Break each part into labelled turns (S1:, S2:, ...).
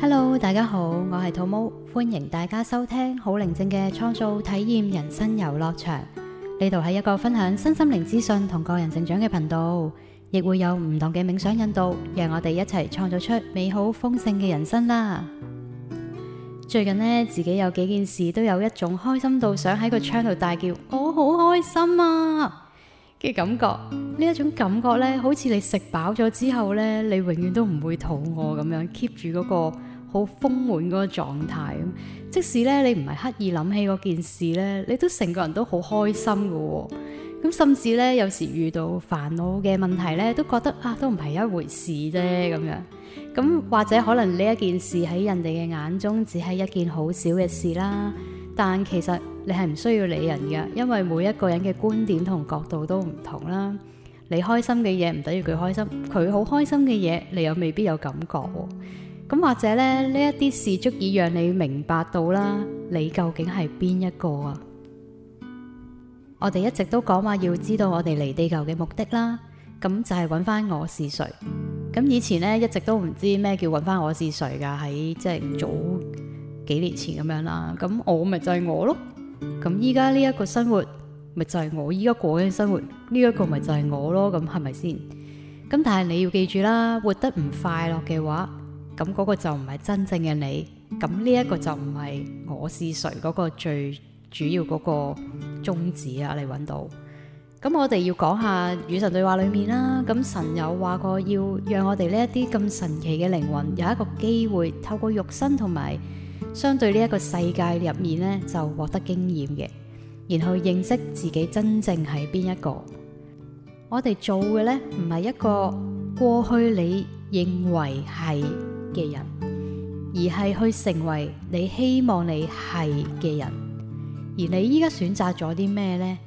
S1: Hello，大家好，我係 Tomo，歡迎大家收聽好寧靜嘅創造體驗人生遊樂場。呢度係一個分享身心靈資訊同個人成長嘅頻道，亦會有唔同嘅冥想引導，讓我哋一齊創造出美好豐盛嘅人生啦。最近咧，自己有幾件事都有一種開心到想喺個窗度大叫，我好開心啊嘅感覺。呢一種感覺咧，好似你食飽咗之後咧，你永遠都唔會肚餓咁樣 keep 住嗰個。好豐滿嗰個狀態，即使咧你唔係刻意諗起嗰件事咧，你都成個人都好開心嘅喎、哦。咁甚至咧，有時遇到煩惱嘅問題咧，都覺得啊，都唔係一回事啫咁樣。咁或者可能呢一件事喺人哋嘅眼中只係一件好小嘅事啦，但其實你係唔需要理人嘅，因為每一個人嘅觀點同角度都唔同啦。你開心嘅嘢唔等於佢開心，佢好開心嘅嘢你又未必有感覺喎、哦。咁或者咧，呢一啲事足以讓你明白到啦，你究竟係邊一個啊？我哋一直都講話要知道我哋嚟地球嘅目的啦，咁就係揾翻我是誰。咁以前咧一直都唔知咩叫揾翻我是誰噶，喺即係早幾年前咁樣啦。咁我咪就係我咯。咁依家呢一個生活咪就係我依家過嘅生活，呢一個咪就係我咯。咁係咪先？咁但係你要記住啦，活得唔快樂嘅話。咁嗰個就唔係真正嘅你，咁呢一個就唔係我是誰嗰個最主要嗰個宗旨啊！你揾到咁，我哋要講下與神對話裏面啦。咁神有話過，要讓我哋呢一啲咁神奇嘅靈魂有一個機會透過肉身同埋相對呢一個世界入面呢，就獲得經驗嘅，然後認識自己真正係邊一個。我哋做嘅呢，唔係一個過去你認為係。嘅人，而係去成為你希望你係嘅人。而你依家選擇咗啲咩呢？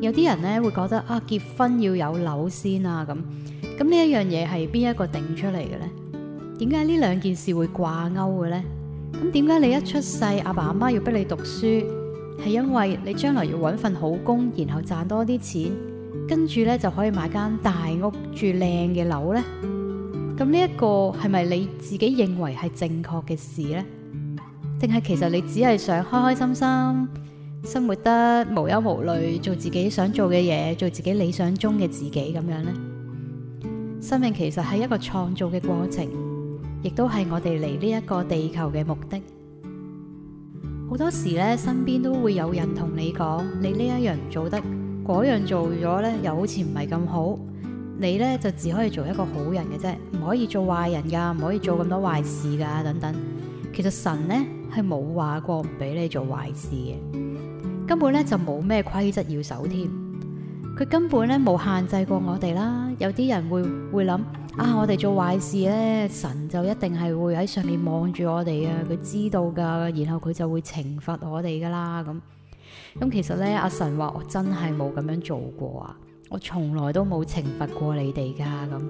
S1: 有啲人咧會覺得啊，結婚要有樓先啊咁。咁呢一樣嘢係邊一個定出嚟嘅呢？點解呢兩件事會掛鈎嘅呢？咁點解你一出世，阿爸阿媽要逼你讀書，係因為你將來要揾份好工，然後賺多啲錢，跟住呢就可以買間大屋住靚嘅樓呢。咁呢一個係咪你自己認為係正確嘅事呢？定係其實你只係想開開心心，生活得無憂無慮，做自己想做嘅嘢，做自己理想中嘅自己咁樣呢？生命其實係一個創造嘅過程，亦都係我哋嚟呢一個地球嘅目的。好多時咧，身邊都會有人同你講，你呢一樣做得，嗰樣做咗咧，又好似唔係咁好。你咧就只可以做一個好人嘅啫，唔可以做壞人噶唔可以做咁多壞事噶等等。其實神咧係冇話過唔俾你做壞事嘅，根本咧就冇咩規則要守添。佢根本咧冇限制過我哋啦。有啲人會會諗啊，我哋做壞事咧，神就一定係會喺上面望住我哋啊，佢知道噶，然後佢就會懲罰我哋噶啦咁。咁、嗯嗯、其實咧，阿神話我真係冇咁樣做過啊。我從來都冇懲罰過你哋噶咁，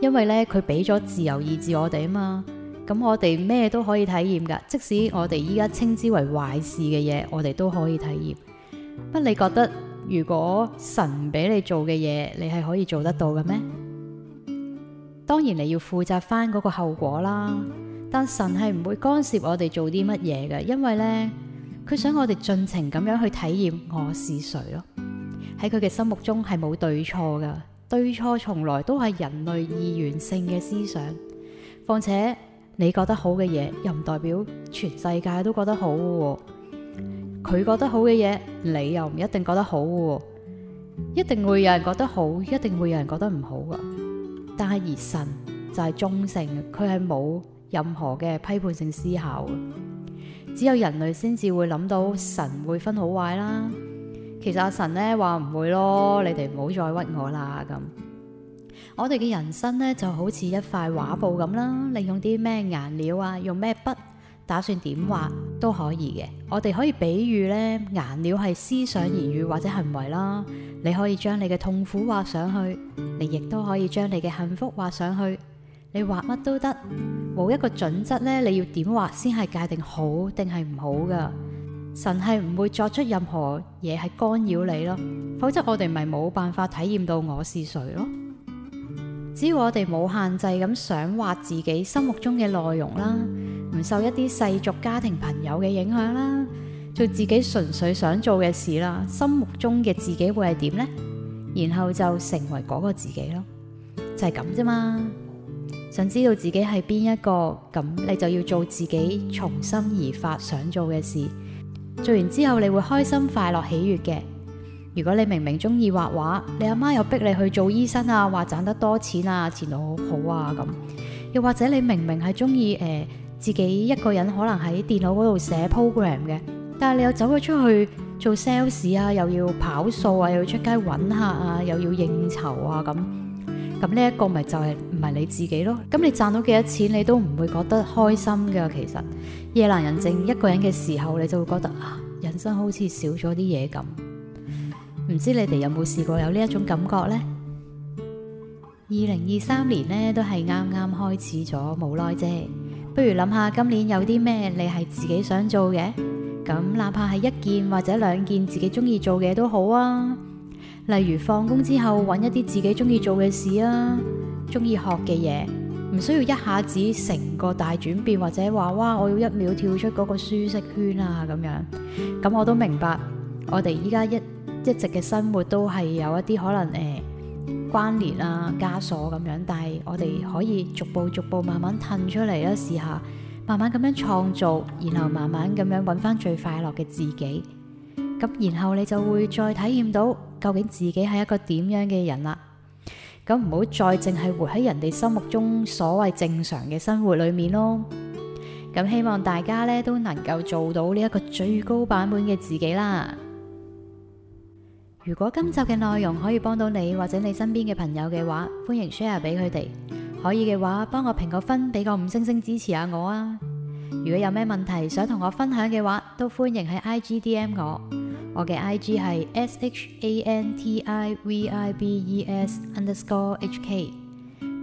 S1: 因為咧佢俾咗自由意志我哋啊嘛，咁我哋咩都可以體驗噶，即使我哋依家稱之為壞事嘅嘢，我哋都可以體驗。咁你覺得如果神俾你做嘅嘢，你係可以做得到嘅咩？當然你要負責翻嗰個後果啦，但神係唔會干涉我哋做啲乜嘢嘅，因為咧佢想我哋盡情咁樣去體驗我是誰咯。喺佢嘅心目中係冇對錯噶，對錯從來都係人類二元性嘅思想。況且你覺得好嘅嘢，又唔代表全世界都覺得好噶。佢覺得好嘅嘢，你又唔一定覺得好噶。一定會有人覺得好，一定會有人覺得唔好噶。但係而神就係中性。佢係冇任何嘅批判性思考嘅。只有人類先至會諗到神會分好壞啦。其實阿神咧話唔會咯，你哋唔好再屈我啦咁。我哋嘅人生咧就好似一塊畫布咁啦，你用啲咩顏料啊，用咩筆，打算點畫都可以嘅。我哋可以比喻咧，顏料係思想、言語或者行為啦。你可以將你嘅痛苦畫上去，你亦都可以將你嘅幸福畫上去。你畫乜都得，冇一個準則咧，你要點畫先係界定好定係唔好噶神係唔會作出任何嘢，係干擾你咯。否則我哋咪冇辦法體驗到我是誰咯。只要我哋冇限制咁想畫自己心目中嘅內容啦，唔受一啲世俗、家庭、朋友嘅影響啦，做自己純粹想做嘅事啦，心目中嘅自己會係點呢？然後就成為嗰個自己咯，就係咁啫嘛。想知道自己係邊一個咁，你就要做自己從心而發想做嘅事。做完之後你會開心、快樂、喜悅嘅。如果你明明中意畫畫，你阿媽又逼你去做醫生啊，話賺得多錢啊，前途好好啊咁。又或者你明明係中意誒自己一個人可能喺電腦嗰度寫 program 嘅，但係你又走咗出去做 sales 啊，又要跑數啊，又要出街揾客啊，又要應酬啊咁。咁呢一個咪就係唔係你自己咯？咁你賺到幾多錢，你都唔會覺得開心㗎。其實夜闌人靜一個人嘅時候，你就會覺得啊，人生好似少咗啲嘢咁。唔知你哋有冇試過有呢一種感覺呢？二零二三年呢，都係啱啱開始咗冇耐啫。不如諗下今年有啲咩你係自己想做嘅，咁哪怕係一件或者兩件自己中意做嘅都好啊。例如放工之後，揾一啲自己中意做嘅事啊，中意學嘅嘢，唔需要一下子成個大轉變，或者話哇，我要一秒跳出嗰個舒適圈啊，咁樣咁我都明白。我哋依家一一直嘅生活都係有一啲可能誒、呃、關聯啊枷鎖咁樣，但係我哋可以逐步逐步慢慢褪出嚟啦，試下慢慢咁樣創造，然後慢慢咁樣揾翻最快樂嘅自己，咁然後你就會再體驗到。究竟自己係一個點樣嘅人啦，啊？咁唔好再淨係活喺人哋心目中所謂正常嘅生活裏面咯。咁希望大家咧都能夠做到呢一個最高版本嘅自己啦。如果今集嘅內容可以幫到你或者你身邊嘅朋友嘅話，歡迎 share 俾佢哋。可以嘅話，幫我評個分，俾個五星星支持下我啊！如果有咩問題想同我分享嘅話，都歡迎喺 IGDM 我。我嘅 I G 係 S H A N T I V I B E S underscore H K。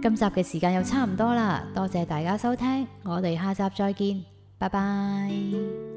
S1: 今集嘅時間又差唔多啦，多謝大家收聽，我哋下集再見，拜拜。